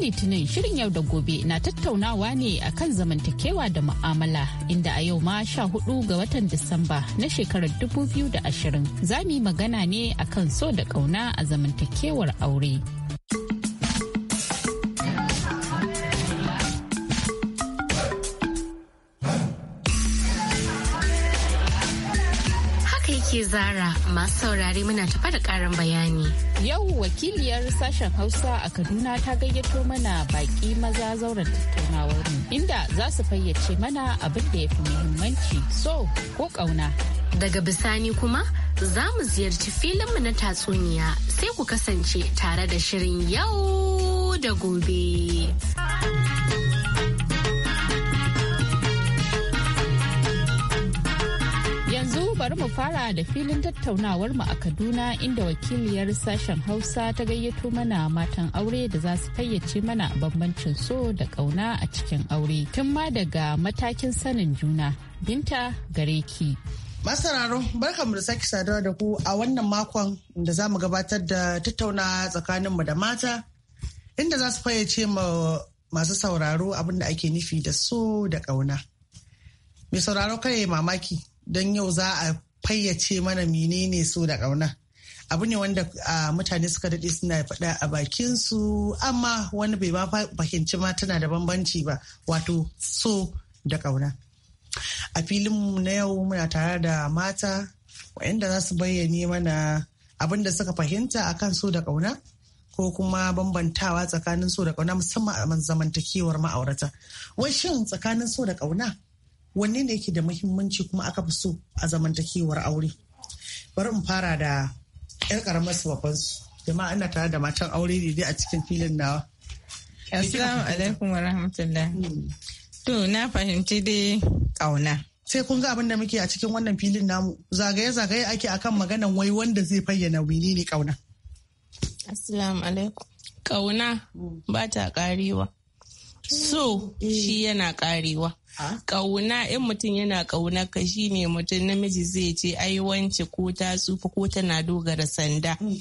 litinin shirin yau da gobe na tattaunawa ne akan zamantakewa da mu'amala inda a yau ma sha hudu ga watan Disamba na shekarar dubu biyu da ashirin za mu magana ne akan so da kauna a zamantakewar aure. Zara masu saurari muna tafa da ƙarin bayani. Yau wakiliyar sashen Hausa a Kaduna ta gayyato mana baƙi maza zauren tattaunawar mu inda za su fayyace mana abin da ya fi muhimmanci so ko ƙauna. Daga bisani kuma za mu ziyarci filinmu na tatsuniya sai ku kasance tare da shirin yau da gobe. bari mu fara da filin tattaunawar mu a Kaduna inda wakiliyar sashen Hausa ta gayyato mana matan aure da za su fayyace mana bambancin so da kauna a cikin aure tun ma daga matakin sanin juna. Binta gare ki. Masararo, barkanmu da sake saduwa da ku a wannan makon da zamu gabatar da tattauna mu da mata inda za su fayyace ma masu sauraro abin da ake nufi da so da kauna Mai sauraro kare mamaki don yau za a fayyace mana menene so da ƙauna. abu ne wanda mutane suka daɗe suna faɗa a bakin su amma wani bai ma fahimci ma tana da bambanci ba wato so da ƙauna a filinmu na yau muna tare da mata waɗanda za su bayyane mana abin da suka fahimta akan so da ƙauna ko kuma bambantawa tsakanin so da ƙauna musamman a zamantakewar ma'aurata wai shin tsakanin so da ƙauna wanne ne yake da muhimmanci kuma aka fi so a zamantakewar aure bari mu fara da yar karamar su babban su jama'a ina tare da matan aure ne dai a cikin filin nawa assalamu alaikum wa rahmatullah hmm. to na fahimci dai kauna sai kun ga abin da muke a cikin wannan filin namu zagaye-zagaye ake akan maganan wai wanda zai fayyana wili ne kauna assalamu alaikum kauna hmm. ba ta karewa so eh. shi yana karewa Kauna in mutum yana kauna ka ne mutum namiji zai ce ai wance ko ta tsufa ko tana dogara sanda. Mm.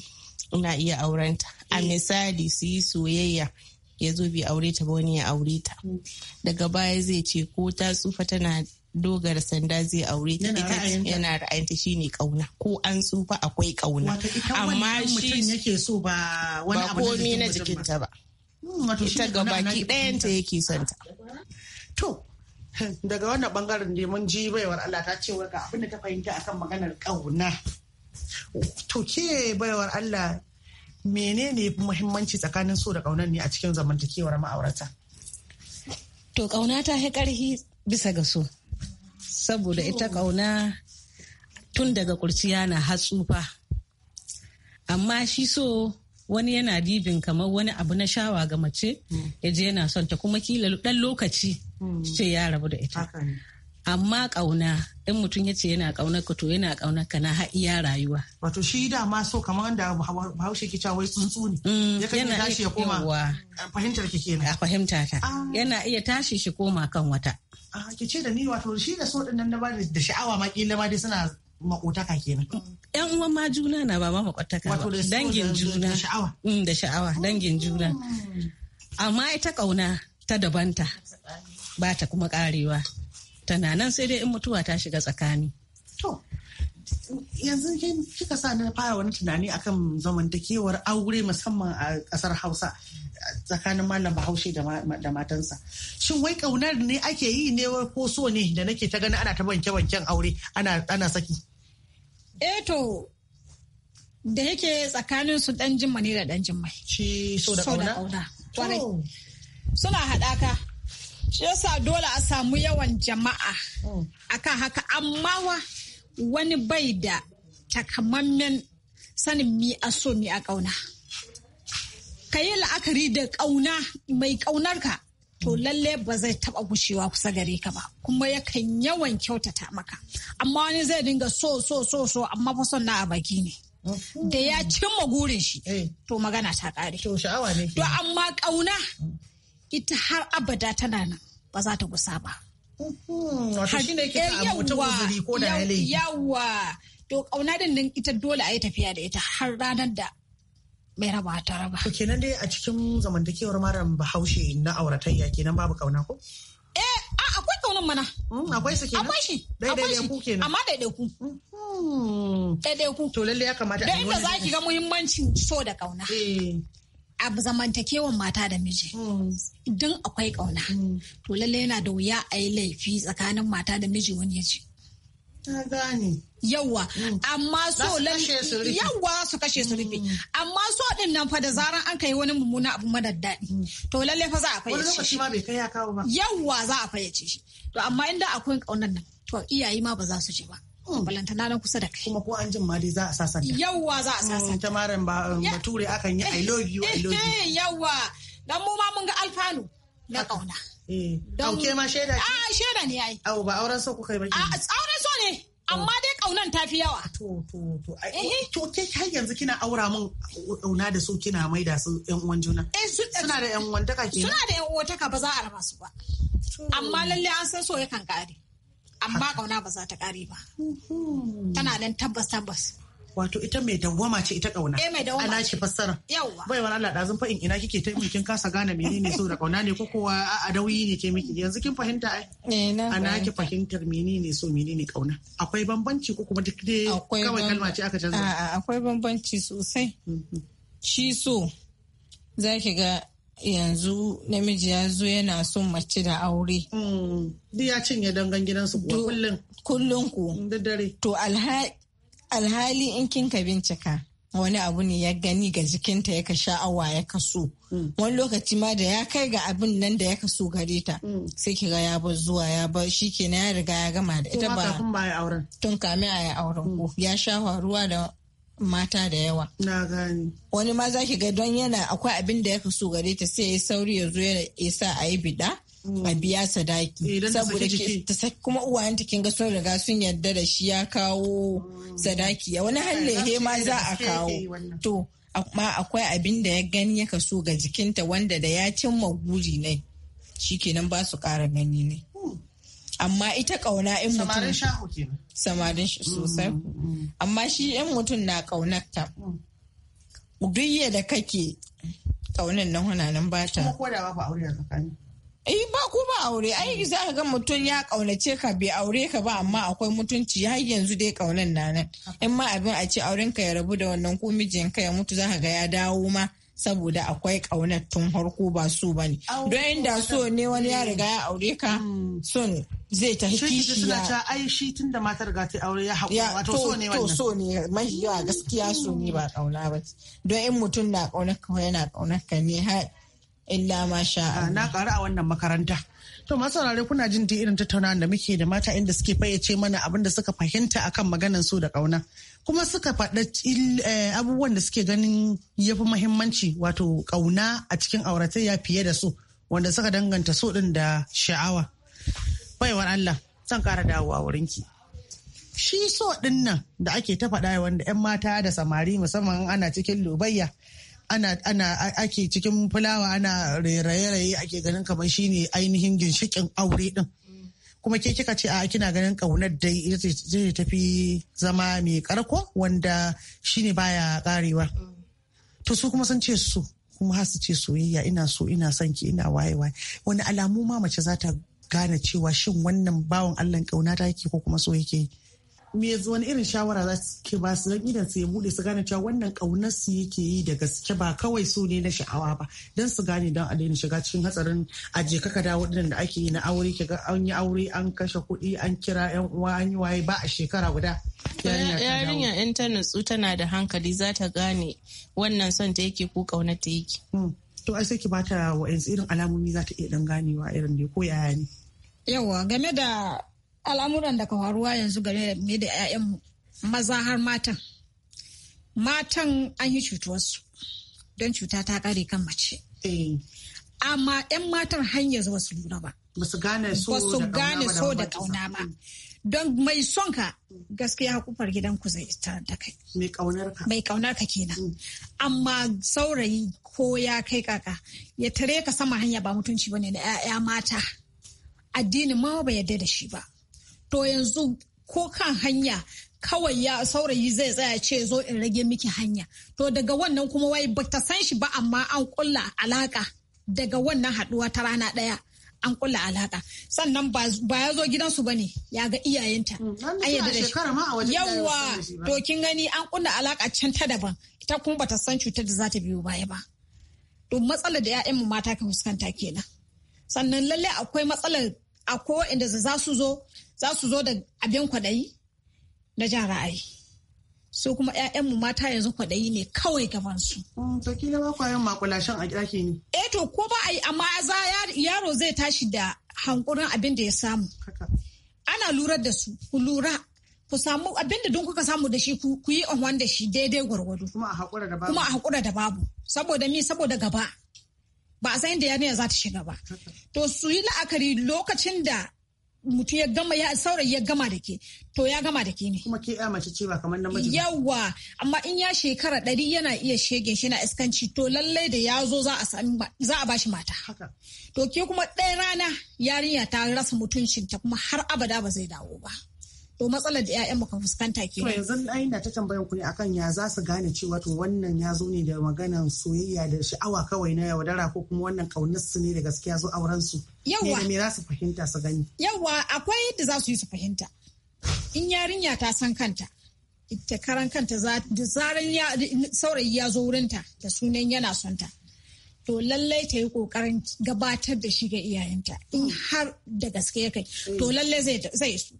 Ina iya aurenta. A eh. misali su yi soyayya. ya zo bai aure ta ba wani ya aure ta mm. daga baya zai ce ko ta tsufa tana dogara sanda zai aure ta yana ra'ayinta shi ne kauna ko an tsufa akwai kauna amma shi yake so ba wani abu komai na jikinta ba mm, ita ga baki ɗayanta yake son ta to daga wannan bangaren ne mun ji baiwar Allah ta ce ga abin da ta fahimta akan maganar kauna to ke baiwar Allah menene muhimmanci tsakanin so da kaunar ne a cikin zamantakewar ma'aurata to kauna ta yi karhi bisa ga so saboda ita kauna tun daga kurciya na hatsufa amma shi so wani yana dibin kamar wani abu na shawa ga mace hmm. ya je yana son ta kuma kila dan lokaci ce hmm. ya rabu da ita amma ƙauna in mutum ya ce yana ƙaunar ka to yana ƙaunar ka na iya rayuwa wato shi da ma so kamar da bahaushe ke cewa wai tsuntsu ne hmm, Yana iya tashi ya koma fahimtar ki kenan a fahimta ta ah. yana iya tashi shi koma kan wata ah, ki ce da ni wato shi da so ɗin nan ba da sha'awa ma ƙila ma dai suna makotaka kenan. Yan uwan ma juna na ba ma makotaka ba. Dangin juna. Da sha'awa. Hmm, da sha'awa dangin juna. Amma ita ƙauna. ta dabanta ba ta kuma karewa tana nan sai dai in mutuwa ta shiga tsakani to yanzu kika sa na fara wani tunani akan zamantakewar aure musamman a kasar hausa tsakanin malam bahaushe da matansa shin wai kaunar ne ake yi ne ko so ne da nake ta gani ana ta banke banken aure ana saki eh to da yake tsakanin su dan jimma ne da dan jimma shi so da kauna suna haɗaka shi yasa dole a samu yawan jama'a hmm. akan haka amma wa wani bai da takamammen sanin mi a so mi a ƙauna ka yi la'akari da ƙauna mai ƙaunarka to hmm. lalle ba zai taɓa gushewa kusa gare ka ba kuma yakan yawan kyautata maka amma wani zai dinga so so so so amma fa son na a baki ne hmm. da ya cimma gurin shi eh. to magana ta ƙare. to amma ƙauna. ita har abada tana nan ba za ta gusa ba. Yawwa eh, to ƙauna din nan ita dole a yi tafiya da ita har ranar da mai raba ta raba. To kenan dai a cikin zamantakewar maram bahaushe na auratayya kenan babu ƙauna ko? Eh a akwai ƙaunan mana. Hmm, akwai su kenan? Akwai shi. Daidaiku kenan. Amma Daidai ku. To lalle ya kamata a yi wani. Da inda za ki ga muhimmancin so da ƙauna. Eh. a zamantakewan mata da miji mm. don akwai ƙauna mm. to lallai yana da wuya a yi laifi tsakanin mata da miji wani ya ci. Yawwa, mm. amma so yawwa su kashe su rufe. Amma so din nan fa da zaran an kai wani mummuna abu madaddaɗi. To lalle fa za a fayyace shi. Wani lokaci ma bai kai ya kawo ba. Yawwa za a fayyace shi. To amma inda akwai ƙaunar nan, to iyaye ma ba za su ce ba. Mm. balantana na kusa da kai kuma ko an jin ma dai za a sasanta yawwa za a mm, sasanta ta ba um, bature akan yi i love you i eh, love you eh, yawwa dan mu ma mun ga alfanu na kauna eh. Dauke ma shaida ce? Ah shaida ne ai. Au ba auren so kuka yi ba. Ah auren so ne. Amma dai kaunan ta fi yawa. To to to. To ke har yanzu kina aura mun kauna da su kina maida su yan uwan juna. Suna da yan uwan taka kenan. Suna da yan uwan taka ba za a raba su ba. Amma lalle an san so ya kan kare. amma kauna ba za ta kare ba tana nan tabbas tabbas wato ita mai dawwama ce ita kauna eh mai dawwama ana ce fassara Yawwa. bai wani Allah dazun fa'in ina kike ta kin kasa gane menene so da kauna ne ko kowa a dauyi ne ke miki yanzu kin fahimta ai ana eh, ki fahimtar menene so menene kauna akwai bambanci ko kuma duk dai kawai kalma ce aka canza a'a akwai bambanci sosai mm-hmm. shi so zaki ga yanzu namiji ya zo yana son mace da aure. Mm. Duk ya cinye dangan gidansu kullum. Kullum ku. Da dare. To alhali in kin ka bincika. wani abu ne ya gani ga jikinta ya ka sha'awa ya kaso mm. wani lokaci ma da ya kai ga abin nan da ya kaso gare ta mm. sai ki ga ya bar zuwa ya bar shi kenan ya riga ya gama da ita ba tun kame a ya auren ko ya sha faruwa da mata da yawa. Na gani. Wani ma za ki ga don yana akwai abin da ya kasu gare ta sai ya sauri ya zo ya sa a yi bida. Mm. a biya sadaki eh, saboda kuma uwayenta kin ga sun riga sun yarda da shi ya kawo mm. sadaki ya wani hallehe ma za a kawo to amma akwai abin da ya gani ya kaso ga jikinta wanda da ya cimma guri ne shikenan ba su ƙara gani ne amma ita kauna in mutum samarin shi sosai mm-hmm. amma shi in mutum na kaunarta duk da kake kaunin nan hana ba ta ba aure a tsakani eh ba ko ba aure ai mm. za ka ga mutum ya kaunace ka bai aure ka ba amma akwai mutunci ya yanzu dai kaunan na nan in ma abin a ce aurenka ya rabu da wannan ko mijin ka ya mutu za ka ga ya dawo ma saboda akwai ƙaunar tun harko ba su ba ne. Don inda so ne wani ya riga ya aure ka hmm. son zai ta kishi ya. Shi ai shi tun da matar ga ta aure ya a wato so ne wannan. To so ne mafi yawa gaskiya so ne ba ƙauna ba. Don in mutum na ƙaunar ka yana ƙaunar ka ne har illa ma sha. Ah, na ƙaru a wannan makaranta. To masaurare kuna jin da irin tattaunawa da muke da mata inda suke fayyace mana abin da suka fahimta akan maganan su da ƙauna. kuma suka faɗa eh, abubuwan da suke ganin ya fi mahimmanci wato ƙauna a cikin auratayya fiye da so wanda suka danganta so ɗin da sha'awa baiwar Allah zan ƙara dawowa wurinki shi so ɗin nan da ake ta faɗa wanda 'yan mata da samari musamman ana cikin lubayya ana ana ake cikin fulawa ana raye-raye ake ganin kamar shine ainihin ginshikin aure ɗin? kuma ke kika ce a kina ganin kaunar da zai tafi zama mai karko wanda shine baya karewa to su kuma sun ce su kuma har su ce soyayya ina so ina son ki ina waye waye wani alamu ma mace za ta gane cewa shin wannan bawan Allah kauna ta yake ko kuma so yake me wani irin shawara za su ke ba su zan idan su ya bude su gane cewa wannan kaunar su yake yi da gaske ba kawai su ne na sha'awa ba don su gane don a daina shiga cikin hatsarin aje kaka dawo din da ake yi na aure kiga an yi aure an kashe kuɗi an kira yan uwa an yi waye ba a shekara guda yarinya intanet ta tana da hankali za ta gane wannan son ta yake ko kaunar ta yake hmm. to ai sai ki bata wa'ansu irin alamomi za ta iya dan ganewa irin da ko yaya ne yawa game da al'amuran da ka faruwa yanzu game da 'ya'yanmu maza har matan matan an yi cutuwarsu don cuta ta kare kan mace eh. amma 'yan matan hanyar ba su lura ba ba su gane so da kauna ba don mai son ka gaskiya kufar gidan ku zai ta da kai mai kaunar ka kenan mm. amma saurayi ko ya kai kaka ya tare ka sama hanya ba mutunci ne da 'ya'ya mata addinin ma ba yarda da shi ba to yanzu ko kan hanya kawai ya saurayi zai tsaya ce zo in rage miki hanya to daga wannan kuma wai ta san shi ba amma an kulla alaka daga wannan haduwa ta rana daya an kulla alaka sannan ba ya zo gidansu ba ne ya ga iyayenta mm, an da to kin gani an kulla alaka can ta daban ita kuma ba ta san cutar da za ta biyo baya ba to matsalar da 'ya'yanmu mata ka fuskanta kenan sannan lallai akwai matsalar akwai waɗanda za su zo za su zo da abin kwaɗayi na jan ra'ayi su kuma 'ya'yanmu mata yanzu kwaɗayi ne kawai gabansu. Mm, to kila ba kwayan makulashen a ɗaki ne. eh to ko ba a yi amma za yaro zai tashi da hankurin abin da ya samu. ana lura da su ku lura ku samu abin da don kuka samu da shi ku yi on da shi daidai gwargwado kuma a hakura da babu saboda mi saboda gaba ba a san da yarinya za ta shiga ba to su yi la'akari lokacin da mutum ya gama ya saurayi ya gama da ke to ya gama da ke ne kuma ke ya mace ce ba kamar namiji yawa amma in ya shekara ɗari yana iya shege shi na iskanci to lallai da ya zo za a bashi mata to ke kuma ɗaya rana yarinya ta rasa mutuncinta kuma har abada ba zai dawo ba to matsalar da 'ya'yan muka fuskanta ke to yanzu ai na ta tambayan ku ne akan ya za su gane cewa to wannan ya zo ne da maganan soyayya da sha'awa kawai na yaudara ko kuma wannan kaunar su ne da gaskiya zo auren su yawa me za su fahimta su gani yawwa akwai yadda za su yi su fahimta in yarinya ta san kanta ita karan kanta da zaran saurayi ya zo wurinta da sunan yana son ta to lallai ta yi kokarin gabatar da shi ga iyayenta in har da gaske ya kai to lallai zai so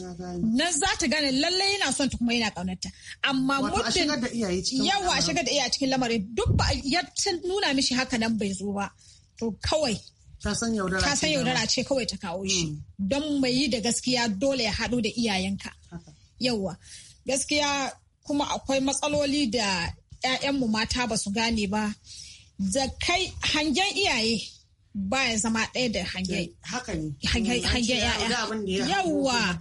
nan za ta gane lallai yana son ta kuma yana kaunarta amma muddin yawa a shigar da iyaye cikin lamarin duk ba ya nuna mishi haka nan bai zo ba to kawai ta san yaudara ce kawai ta kawo shi mm. don mai yi da gaskiya dole ya haɗu da iyayenka yawa gaskiya kuma akwai matsaloli da 'ya'yanmu mata ba su gane ba da hangen iyaye baya zama ɗaya da hangen mm, yawwa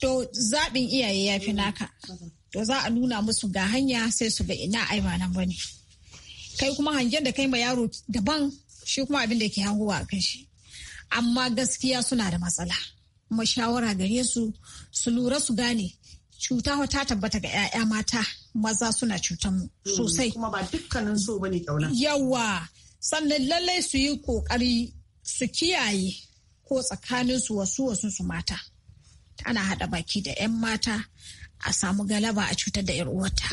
to zaɓin iyaye ya fi naka to za a nuna musu ga hanya sai su ga ina ai ba nan bane kai kuma hangen da kai ma yaro daban shi kuma abin da ke hangowa a kashi. amma gaskiya suna da matsala kuma shawara gare su su lura su gane cuta ta tabbata ga 'ya'ya mata maza suna cutan mu mm, sosai kuma ba dukkanin so bane kauna yawa sannan lallai su yi kokari su kiyaye ko tsakanin su wasu wasu su mata ana haɗa baki da 'yan mata a samu galaba a cutar da 'yar uwarta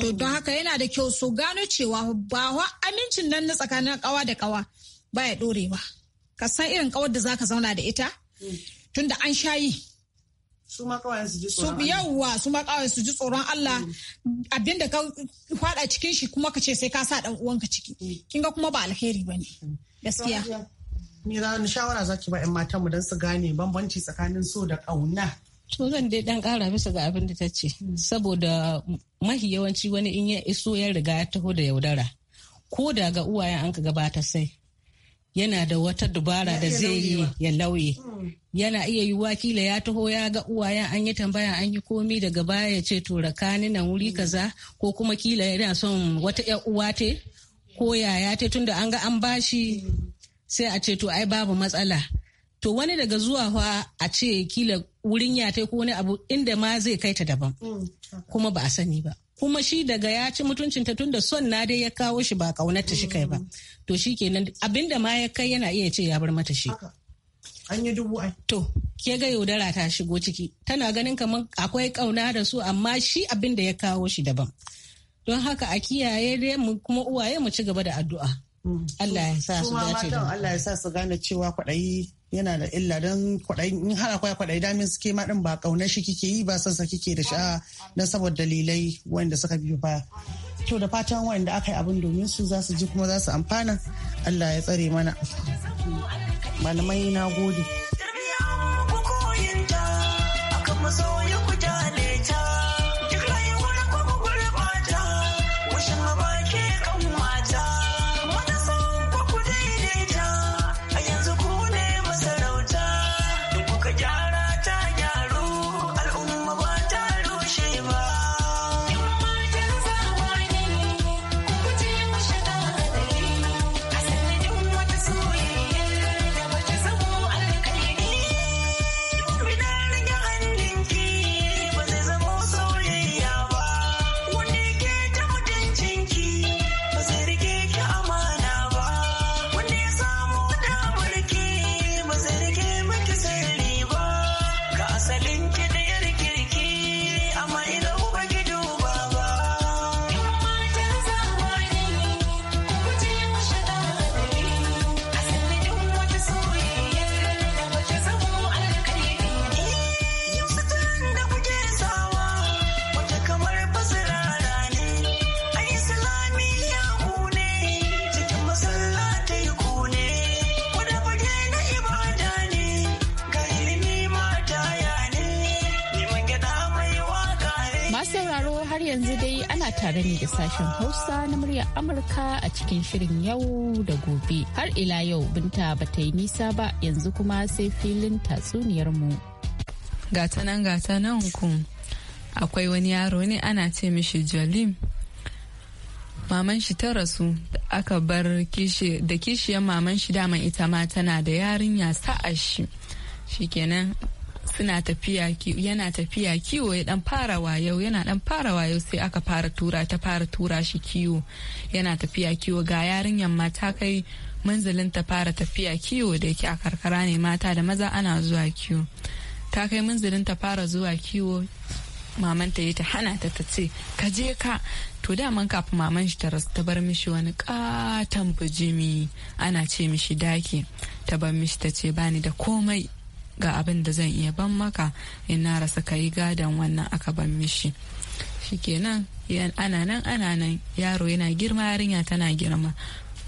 to don haka yana da kyau su gano cewa ba wa amincin nan na tsakanin kawa da kawa baya ɗorewa ka san irin kawar da zaka zauna da ita mm. tunda an sha yi. su ma su ji tsoron Allah. su kawai su ji tsoron Allah mm. abinda ka fada cikin shi kuma ka ce sai ka sa dan uwanka ciki. Mm. Kin ga kuma ba alheri bane. Mm. Gaskiya. Ni za ni shawara zaki ba 'yan matan mu dan su gane bambanci tsakanin so da kauna. To zan dai dan kara bisa ga abin da ta ce saboda mahi yawanci wani in ya iso ya riga ya taho da yaudara. Ko da ga uwayen an ka gabata sai yana da wata dubara da zai yi ya lauye hmm. yana iya yi wakila ya taho ya ga uwayen an yi tambaya an yi komi daga baya ya ce to rakani nan wuri kaza ko kuma kila yana son wata yar uwa te ko yaya te tunda an ga an bashi sai a ce to ai babu matsala to wani daga zuwa fa a ce kila wurin ya ko wani abu inda ma zai kai ta daban hmm. kuma ba a sani ba kuma shi daga ya ci mutuncinta tunda tunda son na dai ya kawo shi ba kaunarta shi kai ba mm. to shi kenan abinda ma ya kai yana iya ce ya bar mata shi an yi dubu ai to ke ga yaudara ta shigo ciki tana ganin kamar akwai kauna da su amma shi abinda ya kawo shi daban don haka a kiyaye dai mu kuma uwaye mu ci gaba da addu'a Allah ya sa su gane cewa kwaɗayi yana da illa don kwaɗayi in har akwai kwaɗayi damin suke ma ɗin ba ƙaunar shi kike yi ba son sa kike da sha'a don saboda dalilai wanda suka biyo baya. To da fatan wanda aka yi abin domin su za su ji kuma za su amfana Allah ya tsare mana. Malamai na gode. yanzu dai ana tare ni da sashen Hausa na muryar Amurka a cikin shirin yau da gobe. Har ila yau binta ba ta yi nisa ba yanzu kuma sai filin tatsuniyar mu. Gata nan gata nan ku. Akwai wani yaro ne ana ce mishi jalim Maman shi ta rasu aka bar da kishiyar maman shi dama ita ma tana da yarinya sa'a shi. Shikenan suna tafiya yana tafiya kiwo ya dan fara wayau yana dan fara wayau sai aka fara tura ta fara tura shi kiwo yana tafiya kiwo ga yarinyar mata kai manzalin ta fara tafiya kiwo da yake a karkara ne mata da maza ana zuwa kiwo ta kai manzalin ta fara zuwa kiwo mamanta ya ta hana ta ta ce ka je ka to daman kafin maman shi ta rasu ta bar mishi wani katon bijimi ana ce mishi daki ta bar mishi ta ce bani da komai ga abin da zan iya ban maka in na rasa kayi gadon wannan aka ban mishi shikenan ana nan ana nan yaro yana girma yarinya tana girma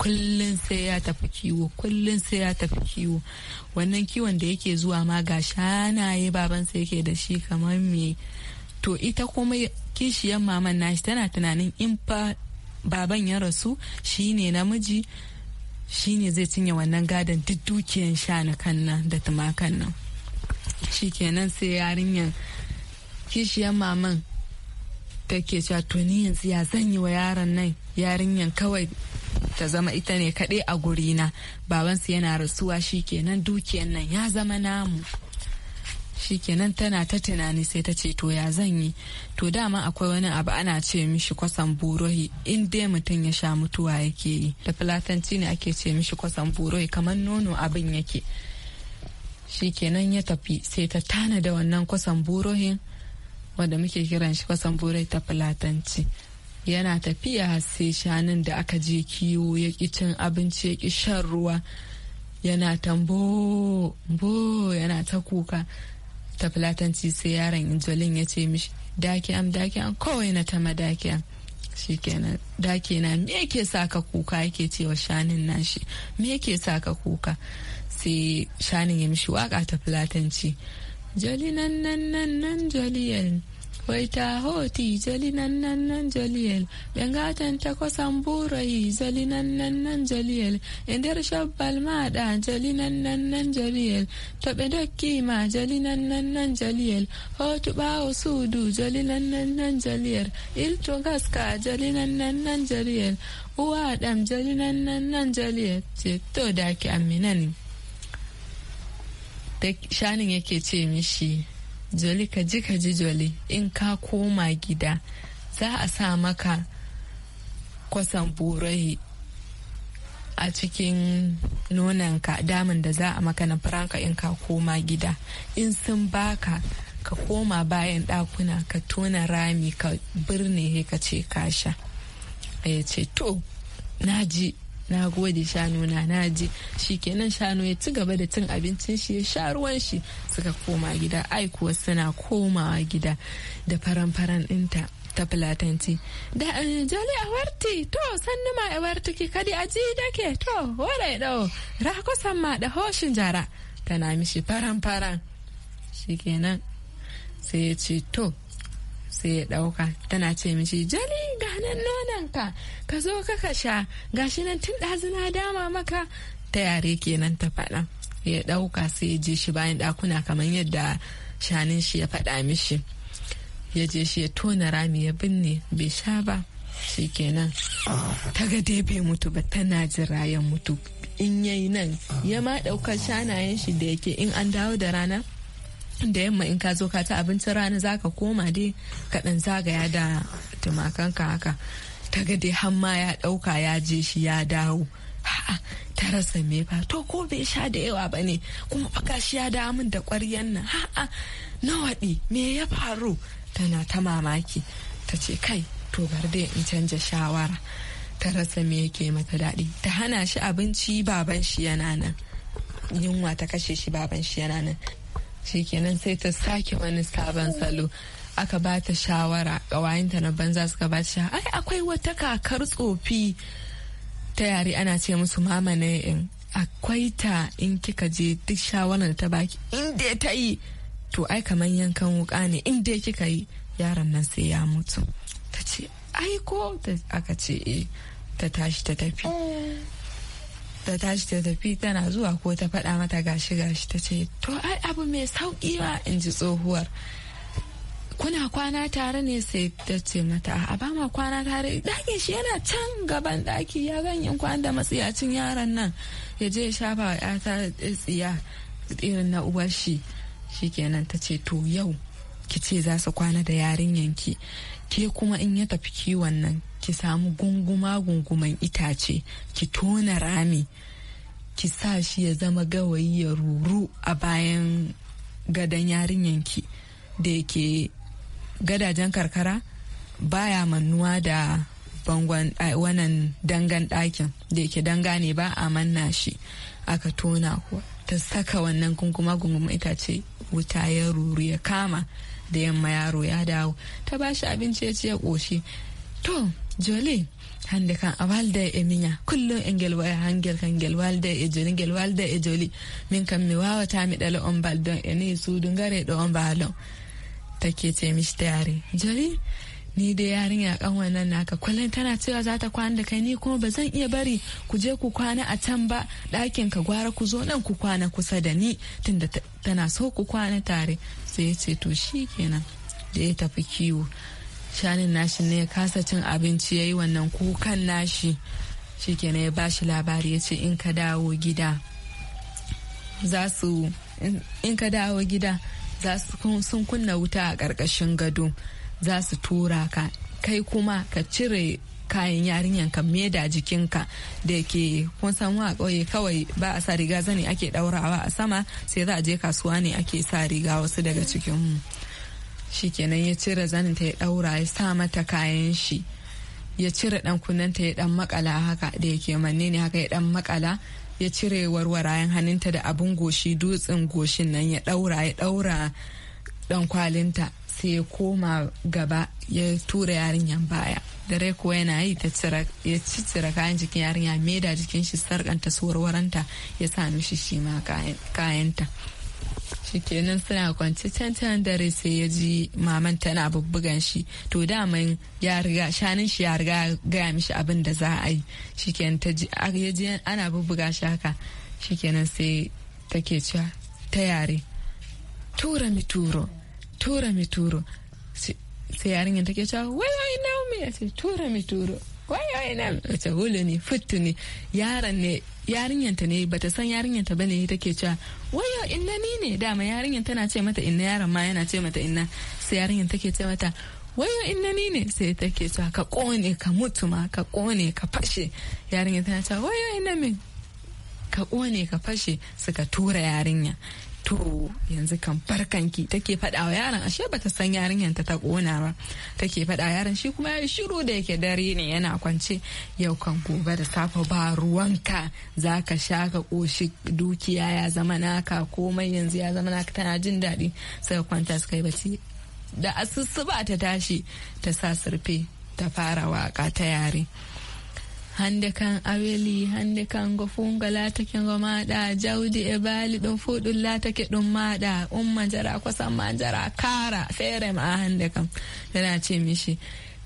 kullum sai ya tafi kiwo kullum sai ya tafi kiwo wannan kiwon da yake zuwa ma ga shanaye babansa yake da shi kamar me to ita kuma kishiyan maman nashi tana tunanin in fa baban ya rasu shine namiji shi ne zai cinye wannan gadon duk dukiyan shanukan nan da tumakan nan shikenan sai yarinyar kishiyar maman take cewa to ni yanzu ya zan wa yaron nan yarinyan kawai ta zama ita ne kaɗai a gurina babansu yana rasuwa shi kenan dukiyan nan ya zama namu shikenan tana ta tunani sai ta ce to ya zan yi to dama akwai wani abu ana ce mishi kwasan burohi in dai mutum ya sha mutuwa yake yi da filatanci ne ake ce mishi kwasan burohi kamar nono abin yake shikenan ya tafi sai ta tana da wannan kwasan burohin wanda muke kiran shi kwasan burohi ta filatanci yana tafiya sai shanun da aka je kiwo ya ki cin abinci ya ki shan ruwa yana tambo bo yana ta kuka ta filatanci sai yaron injolin ya ce mishi daki am daki am kowai na ta daki am kenan daki na me yake saka kuka yake cewa shanin nashi me yake saka kuka sai shanin ya mishi waka ta filatanci joli nan nan nan nan yanzu. waita hoti joli nan nan nan joliel ɓe gatanta kosam buroyi joli nan nan nan joliel e nder shobbal maɗa joli nan nan nan joliel to ɓe dokkima joli nan nan nan joliel hotu ɓawo suudu joli nan nan nan joliel ilto gaska joli nan nan nan joliel uwa ɗam joli nan nan nan joliel je to daki amminani da shanin yake ce mishi joli ka ji ka ji joli in ka koma gida za a sa maka kwasan borahi a cikin nonanka damin da za a maka na faranka in ka koma gida in sun baka ka koma bayan ɗakuna ka tona rami ka birne ka ce ka sha ya ce to na ji na gode shanu na naji kenan shanu ya ci gaba da cin abincin shi ya sha ruwan shi suka koma gida ai kuwa suna komawa gida da faran-faran ɗinta ta filatanci da eh, jali a warti to sannu ma a warti ki kadi a ji dake to wore ra rakusan ma da hoshin jara tana mishi faran-faran shikenan sai ya ce to sai ya dauka tana ce mishi jali ganin nononka ka zo kaka sha gashi nan tun ɗazuna dama maka ta yare kenan ta faɗa ya ɗauka sai ya je shi bayan ɗakuna kamar yadda shanin shi ya faɗa mishi ya je shi ya tona rami ya binne bai sha ba shi kenan ta ga dai bai mutu ba tana jira ya mutu in yayi nan ya ma ɗaukar shanayen shi da yake in an dawo da rana da yamma in ka zo ka ta abincin rana za ka koma dai ka dan zagaya da tumakanka haka ta ga dai hamma ya dauka ya je shi ya dawo ta rasa me fa to ko bai sha da yawa ba ne kuma baka shi ya dawo min da ƙwaryan nan ha'a waɗi me ya faru tana ta mamaki ta ce kai to bar dai in canja shawara ta rasa me yake mata daɗi ta hana shi abinci baban shi yana nan yunwa ta kashe shi baban shi yana nan kenan sai ta sake wani sabon salo aka ba ta shawara ƙawayenta na banza suka ba ta ai akwai wata kakar tsofi ta yare ana ce musu mama na in akwai ta in kika je duk shawarar ta baki in dai ta yi to ai kamar yankan wuka ne inda dai kika yi yaron nan sai ya mutu ta ce ai ko aka ce eh, ta tashi ta tafi mm. ta tashi ta tafi tana zuwa ko ta faɗa mata gashi gashi ta ce to ai abu mai sauƙi ba in ji tsohuwar kuna kwana tare ne sai ta ce mata a ba ma kwana tare ɗakin shi yana can gaban ɗaki ya ganyen kwan da matsiyacin yaron nan ya je ya shafa wa ƴata tsiya irin na uwar shi shi kenan ta ce to yau ki ce za su kwana da yarinyanki ke kuma in ya tafi kiwon nan ki samu gunguma gunguman itace ki tona rami ki sa shi ya zama gawayi ya ruru a bayan gadon yarinyanki da yake gadajen karkara baya mannuwa da bangon wannan dangan ɗakin da yake danga ne ba a manna shi aka tona kuwa ta saka wannan gunguma gunguma itace wuta ya ruru ya kama da yamma yaro ya dawo ta bashi abinci ya ce ya to joli hande kan a walda e minya kullum e ngel waya hangel kan ngel walda e joli ngel walda e joli min kam mi wawata mi ɗala on baldon e ni suudu ngare ɗo on mbalon takkece mishtari joli ni da yarinya kan wannan naka kullum tana cewa za ta kwana da kai ni kuma ba zan iya bari ku je ku kwana a can ba ɗakin ka gwara ku zo nan ku kwana kusa da ni tunda tana so ku kwana tare sai ya ce to shi kenan da ya tafi kiwo shanin nashi ne ya kasa cin abinci ya yi wannan kukan nashi shikenan ya bashi labari ya ce in ka dawo gida za su sun kunna wuta a ƙarƙashin gado za su tura ka kai kuma ka cire kayan yarinyan ka meda jikinka da ke kun san wa ƙauye kawai ba a sa riga zani ake ɗaurawa a sama sai za a je kasuwa ne ake sa riga wasu daga cikin mu. shikenan ya cire zaninta ya daura ya sa mata kayan shi ya cire dan ta ya dan makala haka da yake manne ne haka ya ɗan makala ya cire warwarayen hannunta da abun goshi dutsen goshin nan ya daura ya daura dan kwalinta sai ya koma gaba ya tura yarinyan baya dare kuwa yana yi ya cire kayan jikin yarinya meda jikin shi sarkanta su warwaranta ya sa mishi shi ma kayanta shikenan suna kwanci can can dare sai ya ji maman tana bubbugan shi to daman ya riga shanin shi ya riga gaya mishi abin da za a yi shikenan ta ji ana bubbuga shi haka shikenan sai take cewa ta yare tura mi turo tura mi turo sai yarinyar take cewa wai naomi ya ce tura mi turo wai wai naomi ya ce hulu ne futtu ne yaron ne yarinyanta ne bata san yarinyanta bane take cewa wayo inna ni ne dama yarinyan tana ce mata inna yaron ma yana ce mata inna sai yarinyan take ce mata wayo inna ni ne sai take cewa ka kone ka mutu ma ka kone ka fashe yarinya tana cewa wayo inna min ka kone ka fashe suka tura yarinya to yanzu kan farkanki take faɗa wa yaron ashe bata san yarinyar ta ta kona ba take faɗa yaron shi kuma ya shiru da yake dare ne yana kwance yau kan gobe da safe ba ruwanka zaka sha ka koshi dukiya ya zama naka komai yanzu ya zama naka tana jin daɗi sai kwanta suka yi bacci da asusu ba ta tashi ta sa surfe ta fara waka ta yare hande kan aweli hande kan go funga ngo laatake maɗa jawdi e bali ɗum fuu ɗum ɗum maɗa umma jara kosam ma jara kara feere ma hande kam tana ce mishi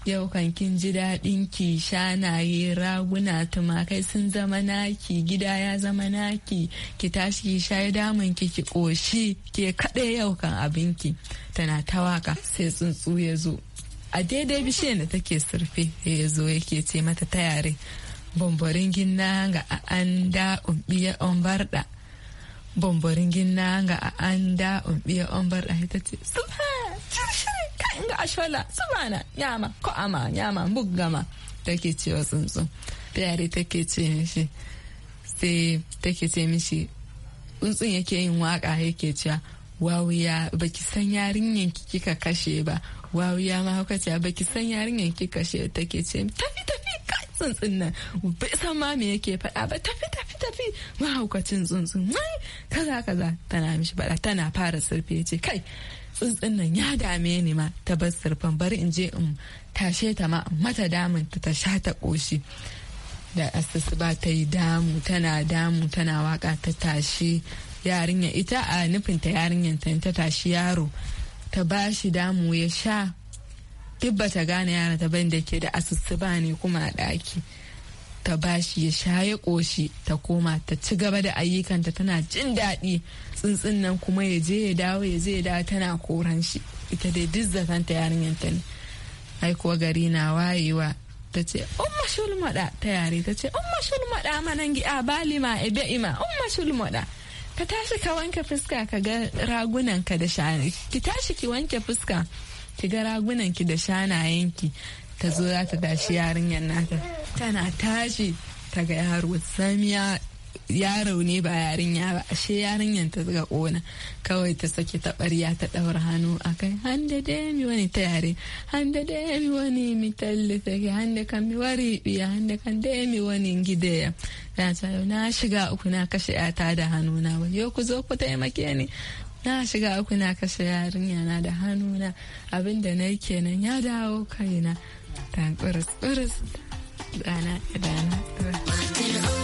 yau kan kin ji daɗin ki shanaye raguna tumakai sun zama naki gida ya zama naki ki tashi ki shayi damun ki ki ƙoshi ke kaɗai yau kan abinki tana tawaka sai tsuntsu ya zo a daidai bishiyar da take surfe eh, ya zo yake ce mata ta yare bambarin ginna ga an da umbiya on barda bambarin ginna ga an da umbiya on barda ita ce suba kan ga ashola subana nyama ko ama nyama buggama take ce wa tsuntsu yare take ce mishi sai take ce mishi tsuntsun yake yin waka yake cewa wawuya baki san yarinyan kika kashe ba wawiya ma haka ce baki san yarinyar ki kashe take ce tafi tafi kai tsuntsun nan bai san ma me yake faɗa ba tafi tafi tafi mahaukacin tsuntsun kaza kaza tana mishi faɗa tana fara surfe ce kai tsuntsun nan ya dame ni ma ta bar surfan bari in je in tashe ta ma mata damun ta sha ta koshi da asusu ba ta yi damu tana damu tana waka ta tashi yarinya ita a nufinta yarinyar ta tashi yaro ta ba shi damu ya sha duk ba ta gane yana ta ban da ke da asusuba ne kuma a daki ta ba shi ya sha ya ƙoshi ta koma ta ci gaba da ayyukanta tana jin daɗi tsuntsun nan kuma ya je ya dawo ya je ya dawo tana koran shi ita dai duk zakanta yarinyanta ne ai kuwa gari na wayewa ta ce umma shulmaɗa ta yare ta ce umma shulmaɗa manan gi bali balima ebe ima umma shulmaɗa ka tashi ka wanke fuska ka ga ragunan ka da shanaye ki tashi ki wanke fuska ki ga ragunan ki da shanayen ki ta zo za ta tashi yarinyar nata tana tashi ta ga yaro samiya yaro ne ba yarinya ba ashe yarinyar ta zuga kona kawai ta sake ta barya ta daura hannu akai hande da mi wani ta yare hande da mi wani mi talle ta hande kan mi wari biya hande kan da mi wani gide ya na ta yau na shiga uku na kashe yata da hannu na ba yau ku zo ku taimake ni na shiga uku na kashe yarinya na da hannu na abinda na yi kenan ya dawo kaina ta kuris kuris dana dana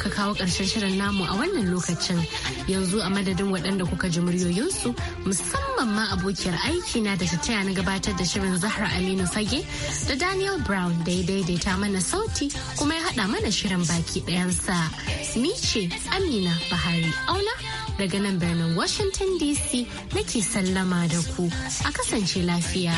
muka kawo ƙarshen shirin namu a wannan lokacin yanzu a madadin waɗanda kuka ji muryoyinsu musamman ma abokiyar aiki na da ta taya na gabatar da shirin Zahra Aminu Fage da Daniel Brown da ya daidaita mana sauti kuma ya haɗa mana shirin baki ɗayansa. Ni ce Amina Bahari Auna daga nan birnin Washington DC nake sallama da ku a kasance lafiya.